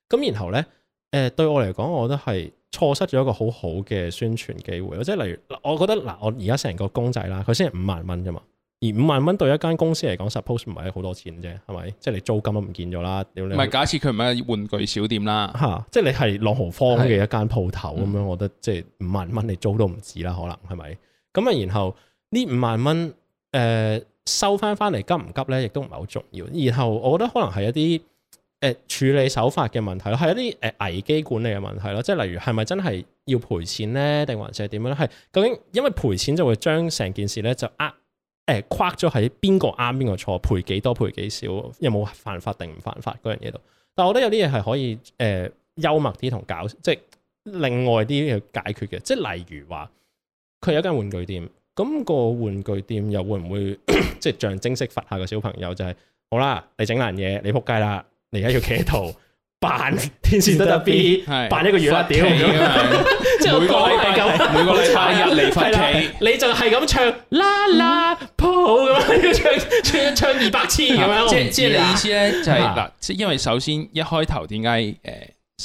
咁然後咧，誒對我嚟講，我覺得係錯失咗一個好好嘅宣傳機會。即係例如，我覺得嗱，我而家成個公仔啦，佢先係五萬蚊啫嘛。而五萬蚊對一間公司嚟講，suppose 唔係好多錢啫，係咪？即係你租金都唔見咗啦。唔係不你假設佢唔係玩具小店啦，吓、啊，即係你係朗豪坊嘅一間鋪頭咁樣，的嗯、我覺得即係五萬蚊你租都唔止啦，可能係咪？咁啊，然後、呃、急急呢五萬蚊誒收翻翻嚟急唔急咧？亦都唔係好重要。然後我覺得可能係一啲誒、呃、處理手法嘅問題咯，係一啲誒、呃、危機管理嘅問題咯。即係例如係咪真係要賠錢咧？定還是係點樣咧？係究竟因為賠錢就會將成件事咧就呃？誒説咗喺邊個啱邊個錯，賠幾多賠幾少，少少又有冇犯法定唔犯法嗰樣嘢度？但係我覺得有啲嘢係可以誒、呃、幽默啲同搞，即係另外啲嘢解決嘅。即係例如話，佢有一間玩具店，咁、那個玩具店又會唔會 即係象徵式罰下個小朋友、就是？就係好啦，你整爛嘢，你仆街啦，你而家要企喺度。 扮天線得特別，扮一個粵曲調，即係每個禮拜每個禮拜入嚟翻期，你就係咁唱啦啦抱咁樣，唱唱一唱二百次咁樣。即係即係你意思咧，就係嗱，即因為首先一開頭點解誒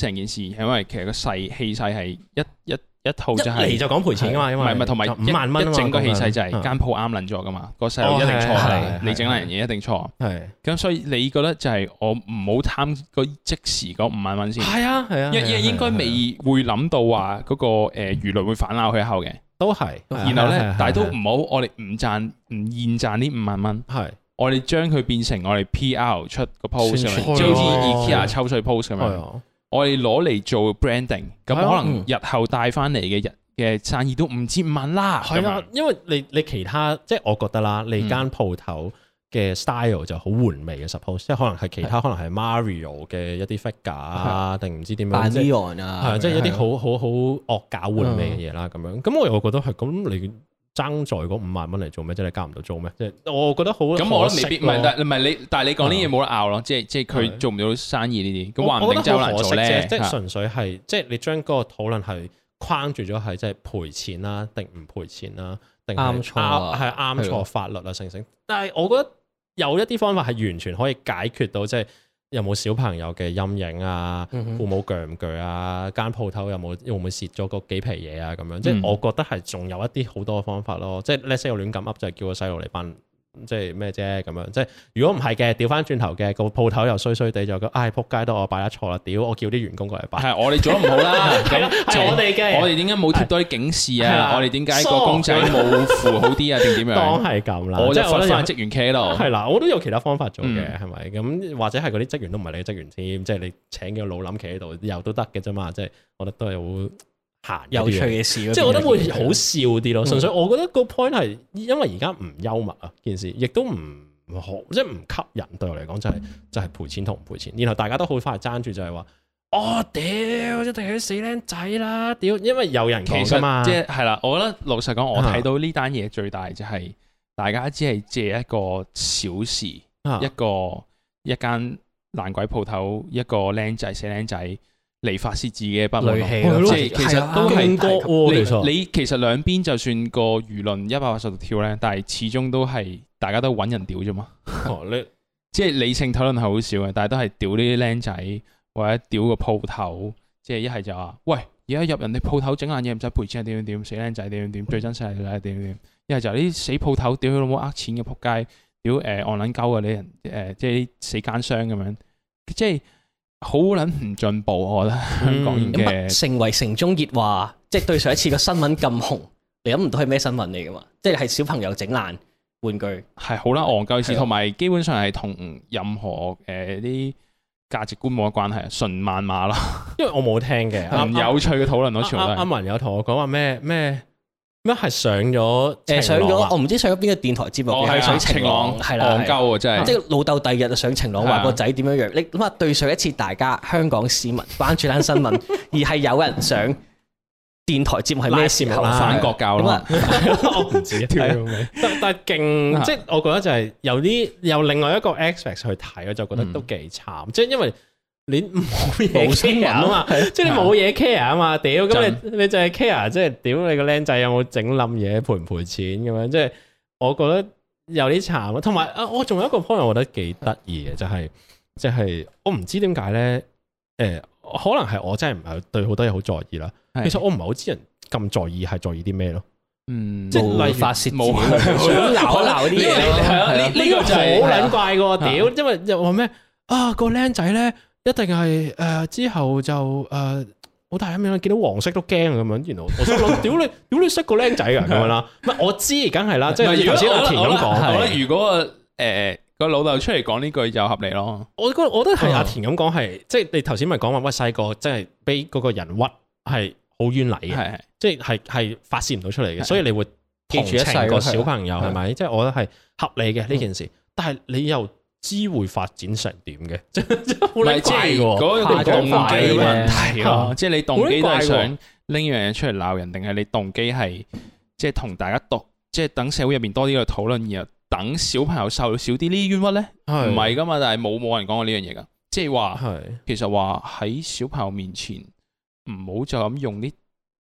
成件事係因為其實個勢氣勢係一一。一套就係你就講賠錢噶嘛，唔係唔係，同埋五萬蚊整個氣勢就係間鋪啱攬咗噶嘛，個勢一定錯，你整爛人嘢一定錯。係咁，所以你覺得就係我唔好貪個即時嗰五萬蚊先。係啊係啊，因應應該未會諗到話嗰個誒輿論會反咬佢一口嘅，都係。然後咧，但係都唔好，我哋唔賺唔現賺呢五萬蚊。係，我哋將佢變成我哋 PR 出個 post，好似 IKEA 抽水 post 咁樣。我哋攞嚟做 branding，咁、嗯、可能日後帶翻嚟嘅人嘅生意都五千萬啦。係啊、嗯，樣因為你你其他即係我覺得啦，嗯、你間鋪頭嘅 style 就好玩味嘅，suppose、嗯、即係可能係其他可能係 Mario 嘅一啲 figure 啊，定唔、嗯、知點樣，係啊，即係、就是嗯、一啲好好好惡搞玩味嘅嘢啦咁、嗯、樣。咁我又覺得係咁你。爭在嗰五萬蚊嚟做咩？即係你交唔到租咩？即係我覺得好咁，我覺得未必唔係，唔係你，但係你講啲嘢冇得拗咯。即係即係佢做唔到生意呢啲。我覺得好可惜啫，即係純粹係是即係你將嗰個討論係框住咗，係即係賠錢啦、啊，定唔賠錢啦、啊？定啱錯係啱錯法律啊！醒醒的！但係我覺得有一啲方法係完全可以解決到即係。有冇小朋友嘅陰影啊？嗯、哼父母強巨啊？間鋪頭有冇會唔會蝕咗嗰幾皮嘢啊？咁樣、嗯、即係我覺得係仲有一啲好多方法咯。即係 last，我亂噉 up 就叫個細路嚟班。即係咩啫咁樣？即係如果唔係嘅，調翻轉頭嘅個鋪頭又衰衰地，就、哎、唉！撲街都我擺得錯啦！屌，我叫啲員工過嚟擺，係我哋做得唔好啦。我哋嘅，我哋點解冇貼多啲警示啊？的我哋點解個公仔冇符好啲啊？定點 樣？當係咁啦， 即我就罰翻職員企喺度，係啦， 我都有其他方法做嘅，係咪咁？或者係嗰啲職員都唔係你嘅職員添，即係你請嘅老諗企喺度又都得嘅啫嘛。即係我覺得都係好。有趣嘅事，即係我覺得會好笑啲咯。嗯、純粹我覺得個 point 係，因為而家唔幽默啊，件事亦都唔好，即係唔吸引對我嚟講、就係，就係就係賠錢同唔賠錢。然後大家都好快爭住就係話：哦，我屌一定係死僆仔啦！屌，因為有人騎啊實嘛即。即係係啦。我覺得老實講，我睇到呢單嘢最大就係、係啊、大家只係借一個小時，啊、一個一間爛鬼鋪頭，一個僆仔、死僆仔，嚟發泄自己嘅不滿咯，即係其實都係實你你其實兩邊就算個輿論一百八十度跳咧，但係始終都係大家都揾人屌啫嘛。即係、 哦即係、理性討論係好少嘅，但係都係屌呢啲僆仔或者屌個鋪頭，即係一係就話：喂，而家入人哋鋪頭整爛嘢唔使賠錢，點樣點？死僆仔點樣點？最真實點樣點樣死係點樣點？一係就啲死鋪頭屌佢老母呃錢嘅仆街，屌誒岸撚鳩嘅啲人誒，即係啲死奸商咁樣，即係、即係是。好撚唔進步，poor，我覺得香港嘅成、嗯、為城中熱話，即係對上一次個新聞咁紅，你諗唔到係咩新聞嚟嘅嘛？即係係小朋友整爛玩具，係好啦，憨鳩意思，同埋基本上係同任何誒啲價值觀冇乜關係啊，純謾罵啦。因為我冇聽嘅，唔有 趣嘅討論我全部都阿、啊啊啊、文有同我講話咩咩。咩係上咗？誒，上咗我唔知上咗邊個電台節目。哦，係上《晴朗》，係啦，戇鳩啊，真係！即係老豆第二日就上《晴朗》，話個仔點樣樣。你諗下，對上一次大家香港市民關注緊新聞，而係有人上電台節目，係咩節目啦？反國教啦。我唔知但係但係勁，即係我覺得就係由啲由另外一個 aspect 去睇，我就覺得都幾慘。即係因為。你冇嘢 care 啊嘛，即係你冇嘢 care 啊嘛，屌咁你你就係 care，即係屌你個僆仔有冇整冧嘢賠唔賠錢咁樣，即係我覺得有啲慘啊。同埋啊，我仲有一個 point，我覺得幾得意嘅就係即係我唔知點解咧，誒，可能係我真係唔係對好多嘢好在意啦。其實我唔係好知人咁在意係在意啲咩咯。嗯，即係例如發洩、冇想鬧嗰啲嘢。係啊，呢呢個就係好撚怪噶，屌，因為又話咩啊個僆仔咧。一定係誒之後就誒好大咁影啊！見到黃色都驚咁樣，原來我心屌你，屌你識個僆仔啊！咁樣啦，唔我知，梗係啦，即係頭先阿田咁講。我覺得如果個誒個老豆出嚟講呢句就合理咯。我覺我覺得係阿田咁講係，即係你頭先咪講話，喂，細個真係俾嗰個人屈係好冤嚟嘅，即係係係發泄唔到出嚟嘅，所以你會一情個小朋友係咪？即係我得係合理嘅呢件事，但係你又。知會發展成點嘅，即係、那個啊啊、即係如果你動即係你動機都係想拎樣嘢出嚟鬧人，定係你動機係即係同大家讀，即、就、係、是、等社會入面多啲去討論，然後等小朋友受少啲呢啲冤屈咧，唔係噶嘛，但係冇冇人講過呢樣嘢噶，即係話是其實話喺小朋友面前唔好就咁用啲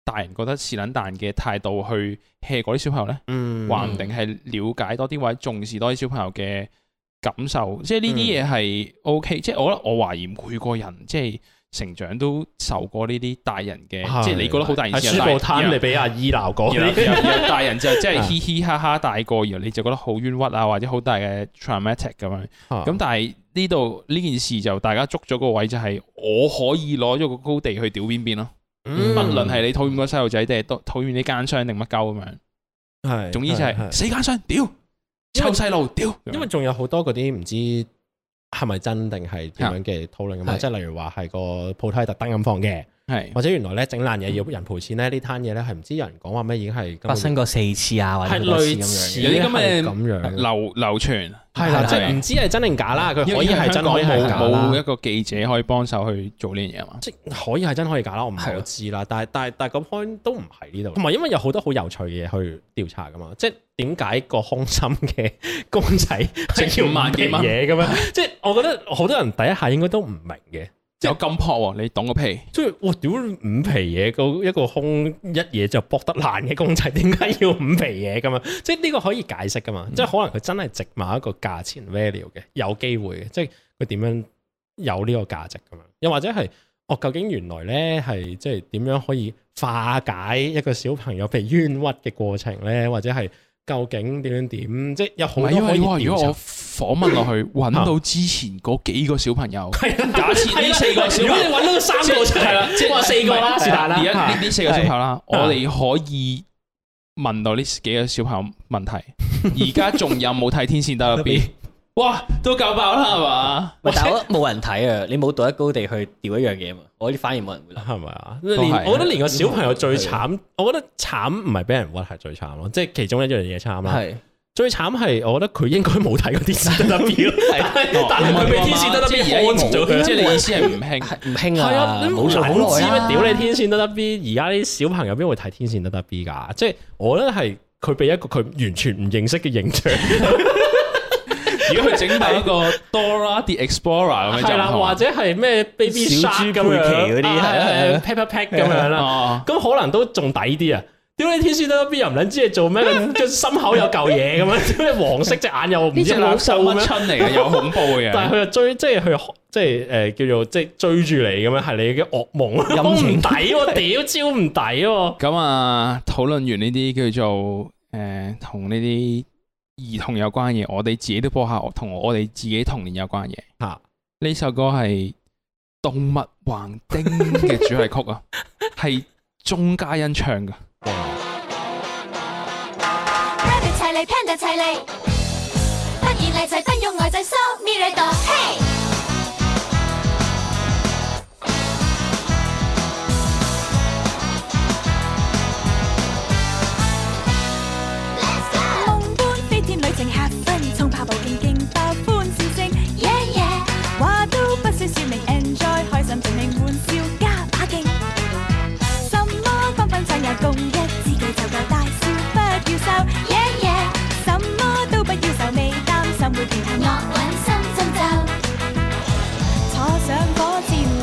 大人覺得似撚蛋嘅態度去吃嗰啲小朋友咧，嗯，話唔定係了解多啲或者重視多啲小朋友嘅感受，即係呢啲嘢係 O K，即係我覺得我懷疑每個人即係成長都受過呢啲大人嘅，是即係你覺得好大件事，喺沙煲攤嚟俾阿姨鬧過。然後大人就即係嘻嘻哈哈大個，然後你就覺得好冤屈啊，或者好大嘅 traumatic 咁樣。咁、啊、但係呢度呢件事就大家捉咗個位，就係我可以攞咗個高地去屌邊、嗯、邊咯。無論係你討厭個細路仔定係討厭啲奸商定乜鳩咁樣，係、嗯、總之就係死奸商屌！臭細路屌，因為仲掉有好多嗰啲唔知係咪真定係點樣嘅討論啊，是的 即係例如話係個鋪頭特登咁放嘅。係或者原來咧整爛嘢要人賠錢咧，呢攤嘢咧，係唔知有人講話咩已經係發生過四次啊，或者多類似咁嘅咁樣流流傳，係啊，即係唔知係真定假啦。佢可以係真，可以假。冇一個記者可以幫手去做呢樣嘢嘛？即係可以係真，可以假啦。我唔係好知啦，但係但係但係個 point 都唔係呢度。同埋因為有好多好有趣嘅嘢去調查噶嘛，即係點解個空心嘅公仔仲要萬幾蚊嘢嘅咩？即係我覺得好多人第一下應該都唔明嘅。即有咁破、哦，你懂個屁。即係我屌五皮嘢一個空一嘢就剝得爛嘅公仔，點解要五皮嘢咁啊？即係呢個可以解釋噶嘛？嗯、即係可能佢真係值某一個價錢 value 嘅，有機會嘅。即係佢點樣有呢個價值咁樣？又或者係我究竟原來咧係即係點樣可以化解一個小朋友譬如冤屈嘅過程咧？或者係？究竟點樣點？即係有好多可以為、啊、如，如果我訪問落去，揾到之前嗰幾個小朋友， 假設呢四個小，朋揾到三個出嚟，即係話四個啦，是但啦。而家呢呢四個小朋友啦，我哋可以問到呢幾個小朋友問題。而家仲有冇睇天線得得 B 入邊？ 別 哇，都搞爆啦，係嘛？但係我冇人睇啊！你冇到一高地去釣一樣嘢嘛？我呢反而冇人會諗。係咪啊？我覺得連個小朋友最慘，我覺得慘唔係俾人屈係最慘咯，即係其中一樣嘢慘啦。係最慘係，我覺得佢應該冇睇嗰啲天線得得 B 但係佢俾天線得得 B 而家安咗佢，即係你意思係唔興？唔興啊！冇錯，好知屌你天線得得 B，而家啲小朋友邊會睇天線得得 B 噶？即係我覺得係佢俾一個佢完全唔認識嘅形象。如果佢整到一個 Dora the Explorer 咁樣，係啦，或者係咩 Baby Shark 小豬佩奇嗰啲，係啊，Peppa Pig 咁樣啦。咁可能都仲抵啲啊！屌你天仙得 B 又唔撚知係做咩，個心口有嚿嘢咁樣，咩黃色隻眼又唔知兩雙乜春嚟嘅，又恐怖嘅。但係佢又追，即係佢即係誒叫做即係追住你咁樣，係你嘅噩夢。咁唔抵喎，屌超唔抵喎。咁啊，討論完呢啲叫做誒同呢啲。兒童有關嘢，我哋自己都播下，同我哋自己童年有關嘢。吓、啊，呢首歌係《動物橫町》嘅主題曲啊，係鍾嘉欣唱嘅。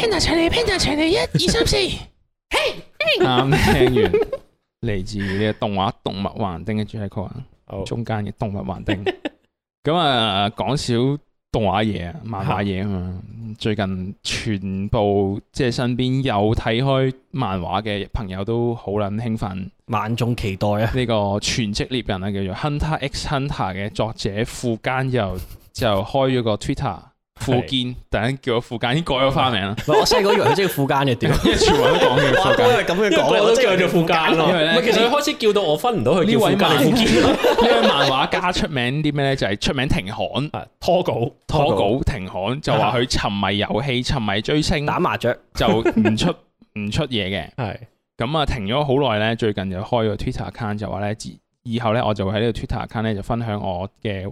拼 u n t e r s h 一二三四，嘿，啱聽完嚟 自呢個動畫動物環丁嘅主題曲啊，ore, oh. 中間嘅動物環丁，咁啊講少動畫嘢、漫畫嘢啊嘛， 最近全部即係、就是、身邊有睇開漫畫嘅朋友都好捻興奮，萬眾期待啊！呢個全職獵人啊叫做 Hunter X Hunter 嘅作者富堅又就開咗個 Twitter。富堅是突然間叫我富堅，已經改咗花名啦。我細個以為佢即係富堅嘅點， 樣 全部都講嘅富堅係咁樣講，我都叫佢做富堅咯。其實開始叫到我分唔到佢叫富堅。呢位 漫畫家出名啲咩咧？就係、是、出名停刊、拖稿、拖稿、停刊，就話佢沉迷遊戲、沉迷追星、打麻雀，就唔出唔出嘢嘅。係咁啊，停咗好耐咧。最近就開咗 Twitter account，就話咧，以以後咧，我就會喺呢個 Twitter account 咧，就分享我嘅。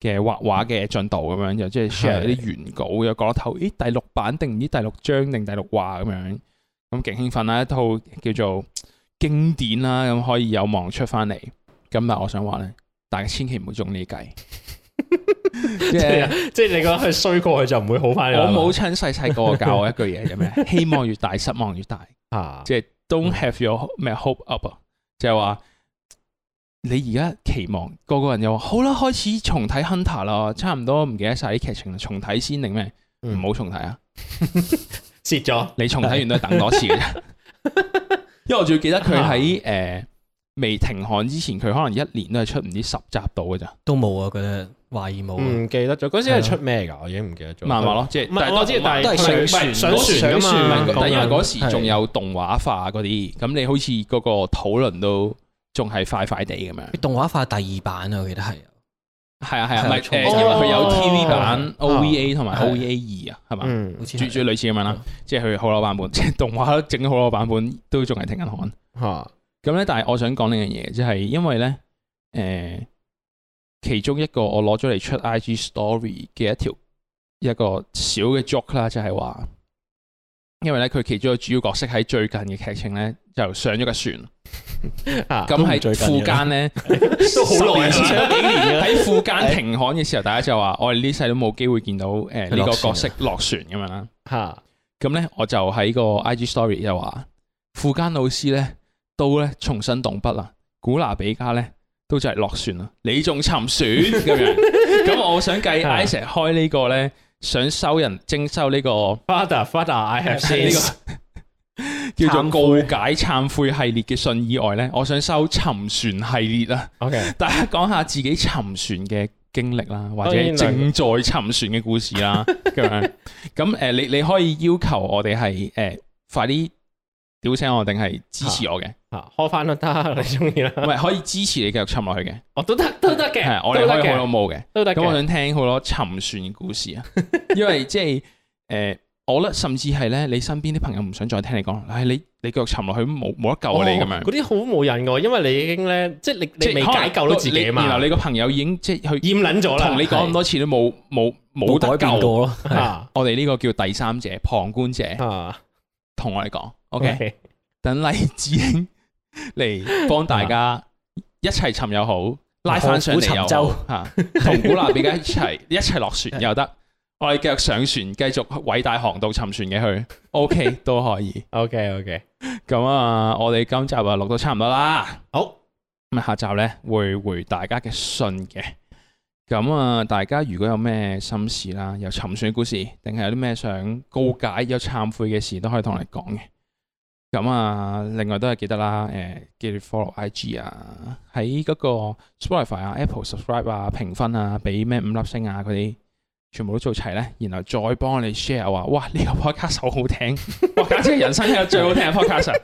嘅畫畫嘅進度咁樣，又即係 share 啲原稿，的又講到頭，咦、欸？第六版定唔知第六章定第六畫咁樣，咁勁興奮啦！一套叫做經典啦，咁可以有望出翻嚟。咁但我想話咧，大家千祈唔好中呢計，即係即係你講佢衰過，佢就唔會好翻。 我母親細細個教我一句嘢，就咩？希望越大，失望越大。啊，即 係 don't have your 咩 hope up，即係話。 你而家期望個個人又話好啦，開始重睇《Hunter》啦，差唔多唔記得晒啲劇情啦，重睇先定咩？唔好重睇啊！蝕咗！你重睇完都係等多次嘅啫。因為我仲記得佢喺誒未停刊之前，佢可能一年都係出唔知十集到嘅咋，都冇啊，覺得懷疑冇。唔記得咗嗰時係出咩㗎？我已經唔記得咗。漫畫咯，即係但係我知，但係上船上船啊嘛。但係因為嗰時仲有動畫化嗰啲，咁你好似嗰個討論都。仲係快快地咁樣，動畫化第二版啊，我記得係，係啊係啊，因為佢有 TV 版 OVA 同埋 OVA 二啊，係嘛，嗯，絕絕類似咁樣啦，即係佢好多版本，即係動畫整咗好多版本都仲係停緊看。吓、嗯，咁咧，但係我想講呢樣嘢，即係因為咧，誒，其中一個我攞咗嚟出 IG story 嘅一條一個小嘅 joke 啦，就係話。因為咧，佢其中個主要角色喺最近嘅劇情咧，就上咗個船。咁喺富間咧，都好耐， 嗯、幾年喺富間停刊嘅時候，大家就話：我哋呢世都冇機會見到誒呢個角色落船咁樣啦。吓、啊，咁咧、嗯、我就喺個 I G Story 又話：富間老師咧，都咧重新動筆啦。古娜比加咧，都就係落船啦。你仲沉船咁 樣？咁我想計，Ish 開個呢個咧。呢呢想收人徵收呢個，Father Father，I have this 叫做告解懺悔系列嘅信以外咧，我想收沉船系列啦。OK，大家講下自己沉船嘅經歷啦，或者正在沉船嘅故事啦。咁誒，你你可以要求我哋係誒快啲。呃快屌聲我定係支持我嘅吓開翻都得，你中意啦。唔係可以支持你繼續沉落去嘅，我都得，都得嘅。係我哋可以，我有冇嘅都得。咁我想聽好多沉船故事啊，因為即係誒，我覺得，甚至係咧，你身邊啲朋友唔想再聽你講，係你你繼續沉落去冇冇得救你咁樣。嗰啲好冇癮嘅，因為你已經咧，即係你你未解救到自己啊嘛。然後你個朋友已經即係去厭撚咗啦，同你講咁多次都冇冇冇改變過咯。啊，我哋呢個叫第三者、旁觀者，同我哋講。O Okay, K，Okay. 等黎智英嚟幫大家一齊沉又好， 拉翻上沉舟吓，同 古那邊嘅一齊 一齊落船又得， 我哋繼續上船，繼續偉大航道沉船嘅去。O、okay, K，都可以。O K，O K，咁啊，我哋今集啊錄到差唔多啦。好，咁啊下集咧會回，回大家嘅信嘅。咁啊，大家如果有咩心事啦，有沉船嘅故事，定係有啲咩想告解、有懺悔嘅事，都可以同我哋講嘅。咁啊，另外都係記得啦，誒、欸，記住 follow I G 啊，喺嗰個 Spotify 啊、Apple Subscribe 啊、評分啊，俾咩五粒星啊，嗰啲全部都做齊咧，然後再幫我哋 share 話，哇，呢、這個 podcast 好好聽， 哇，簡直係人生嘅最好聽嘅 podcast，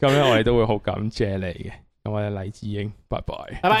咁 樣我哋都會好感謝你嘅。咁我哋勵志鷹，拜拜，拜拜。